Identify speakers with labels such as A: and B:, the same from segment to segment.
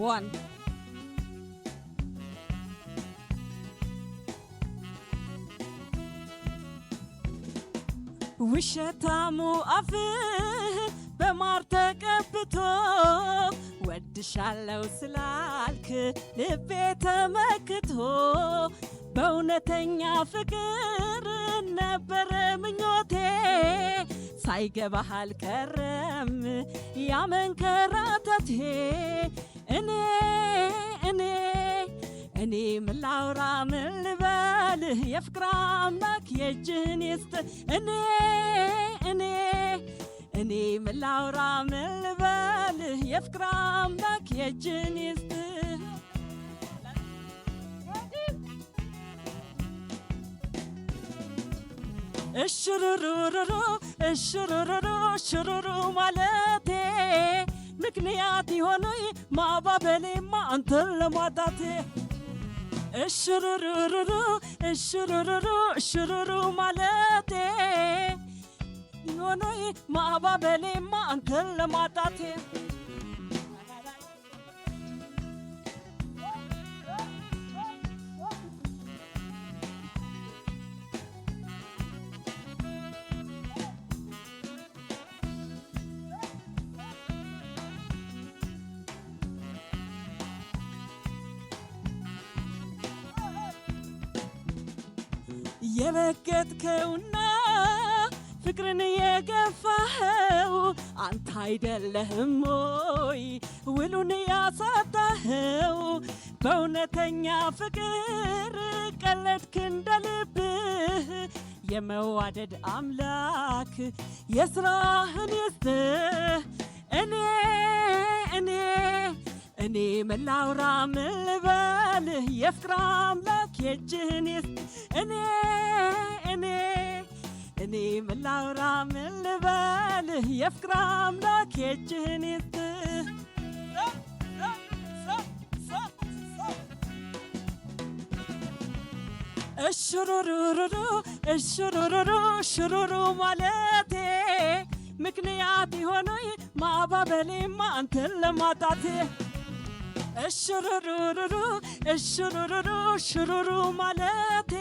A: One. ውሸታሙ አፍህ በማር ተቀብቶ ወድሻለው ስላልክ ልቤ ተመክቶ በእውነተኛ ፍቅር ነበረ ምኞቴ ሳይገባህ አልቀረም ያመንከራተቴ እኔ እኔ እኔ ምን ላውራ ምን ልበል የፍቅር አምላክ የእጅህን ይስጥ እኔ እኔ እኔ ምን ላውራ ምን ልበል የፍቅር አምላክ የእጅህን ይስጥ እሽሩሩሩሩ እሽሩሩሩ ሽሩሩ ማለቴ ምክንያት የሆነይ ማባበሌማ አንተን ለማጣቴ እሽሩሩሩሩ እሽሩሩሩ እሽሩሩ ማለቴ የሆነይ ማባበሌማ አንተን ለማጣቴ የረገጥከውና ፍቅርን የገፋኸው አንተ አይደለህም ወይ? ውሉን ያሳጣኸው በእውነተኛ ፍቅር ቀለድክ እንደ ልብህ። የመዋደድ አምላክ የስራህን ይስጥህ። እኔ እኔ እኔ መላውራ ምን ልበልህ የፍቅር አምላክ የእጅህን እኔ እኔ እኔ መላውራ ምን የፍቅር አምላክ የእጅህን እሽሩሩሩሩ እሽሩሩሩ ሽሩሩ ማለቴ ምክንያት የሆነኝ ማባበሌማ አንተን ለማጣቴ እሽሩሩሩሩ እሽሩሩሩ ሽሩሩ ማለቴ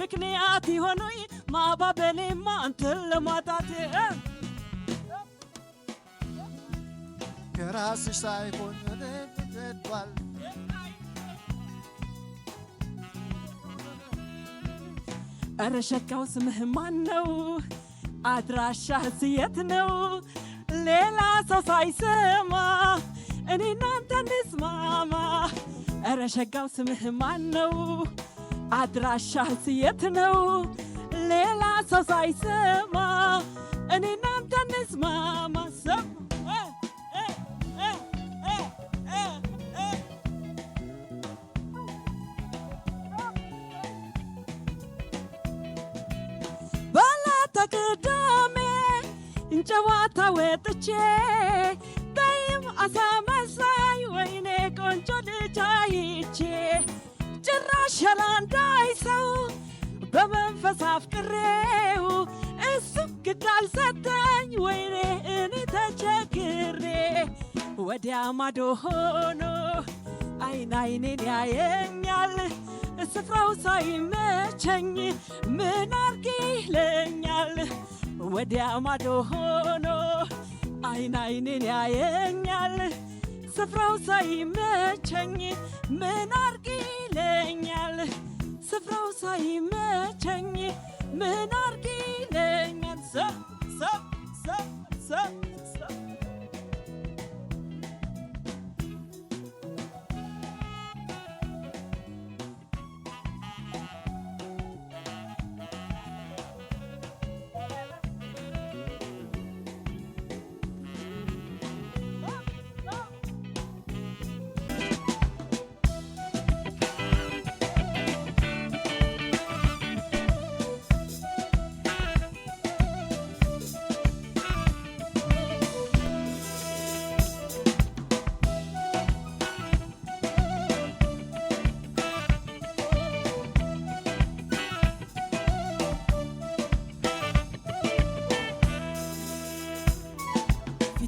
A: ምክንያት የሆኑኝ ማባበሌ አንተን ለማጣቴ
B: ከራስሽ ሳይሆን ተደርጓል
A: እረ ሸካው ስምህ ማን ነው? አድራሻ ስየት ነው? ሌላ ሰው ሳይሰማ እኔ እናንተ እንስማማ። እረ ሸጋው ስምህ ማን ነው? አድራሻህ የት ነው? ሌላ ሰው ሳይሰማ እኔ እናንተ እንስማማ። ሰብ ባላታ ቅዳሜ እንጨዋታ ወጥቼ አሳመሳኝ ወይኔ ቆንጆ ልጅ ጭራሽ ያላንዳይ ሰው በመንፈስ አፍቅሬው እሱ ግዳል ሰጠኝ ወይኔ እኔ ተቸግሬ ወዲያ ማዶ ሆኖ አይን አይኔን ያየኛል ስፍራው ሳይመቸኝ ምን አርግ ይለኛል ወዲያ ማዶ ሆኖ አይን አይንን ያየኛል ስፍራው ሳይመቸኝ ምን አርግ ይለኛል ስፍራው ሳይመቸኝ ምን አርግ ይለኛል ሰብ ሰብ ሰብ ሰብ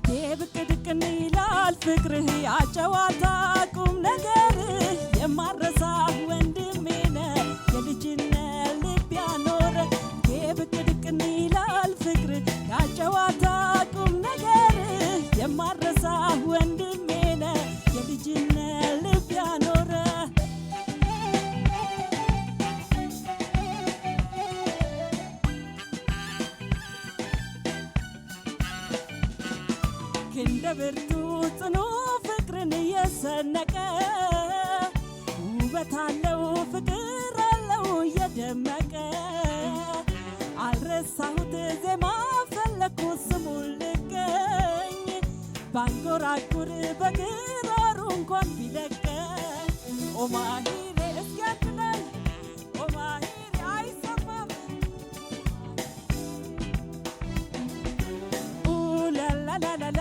A: ልቤ ብቅ ድቅን ይላል ፍቅርህ ያጨዋታ ቁም ነገርህ የማረሳ ወንድሜ ነህ የልጅነ ልብ ያኖረ ልቤ ብቅ ድቅን ይላል ፍቅርህ ያጨዋታ ቁም ነገርህ የማረሳ ወንድ በብርቱ ጽኑ ፍቅርን እየሰነቀ ውበት አለው ፍቅር አለው እየደመቀ አልረሳሁት ዜማ ፈለኩ ስሙን ልገኝ ባንጎራጉር በግራሩ እንኳን ቢለቀ ኦማሂሬ እስኪያድናል ኦማሂሬ አይሰማም ላላላላ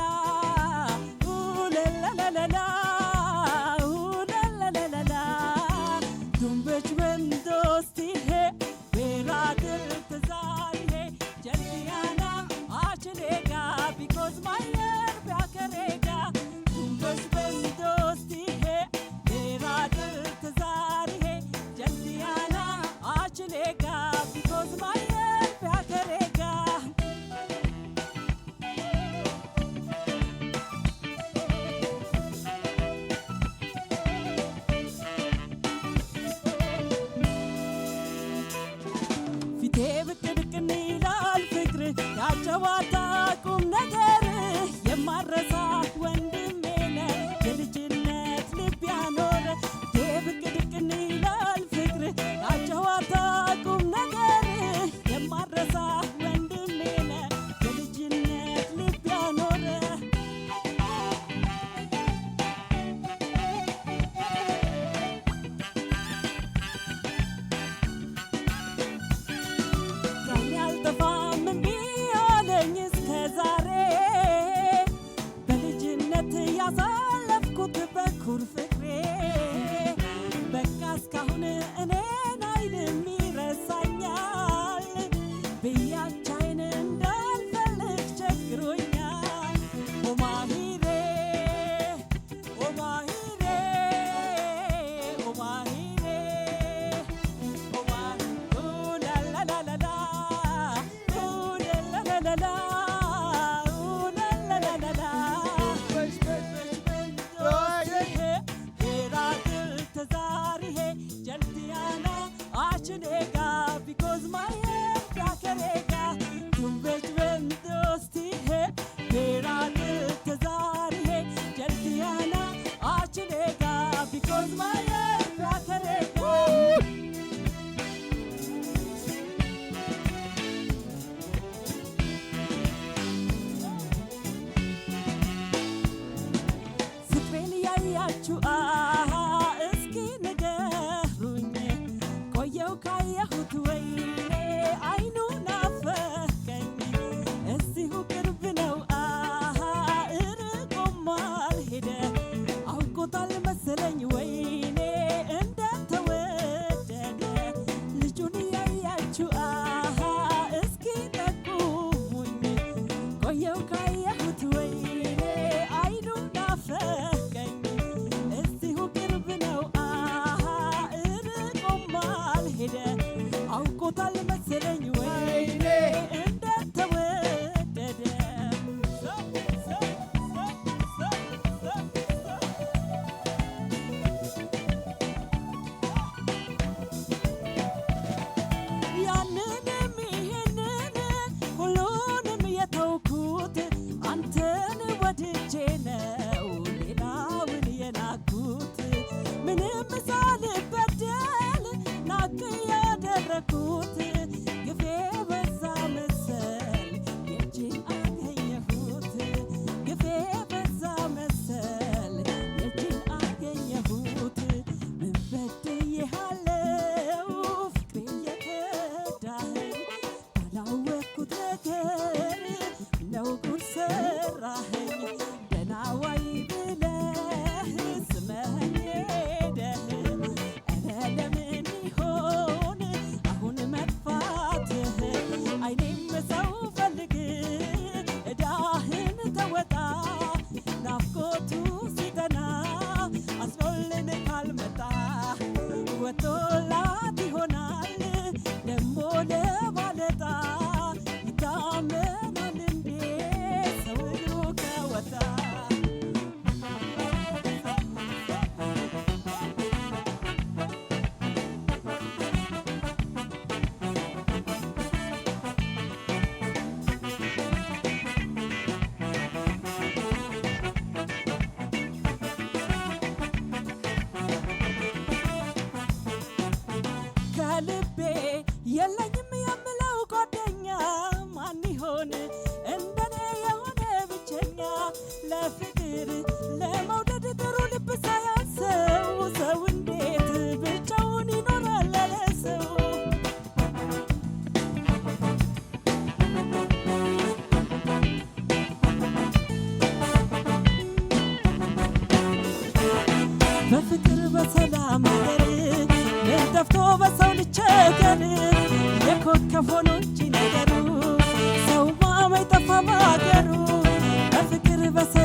A: ነው ሌላውን የናኩት ምንም ሳልበደል ናቅ ያደረኩት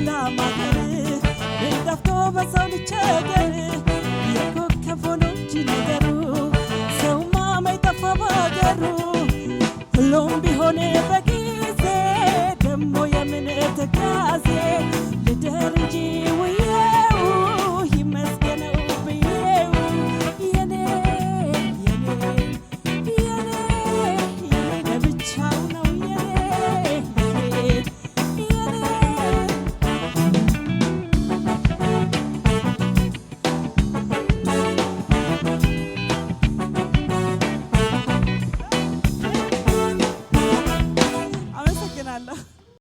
A: ሰላም አገር እንዳፍቶ በሰው ልቸገር የኮከብ ሆኖ እንጂ ደግሞ የምን ትካዜ ልደር እንጂ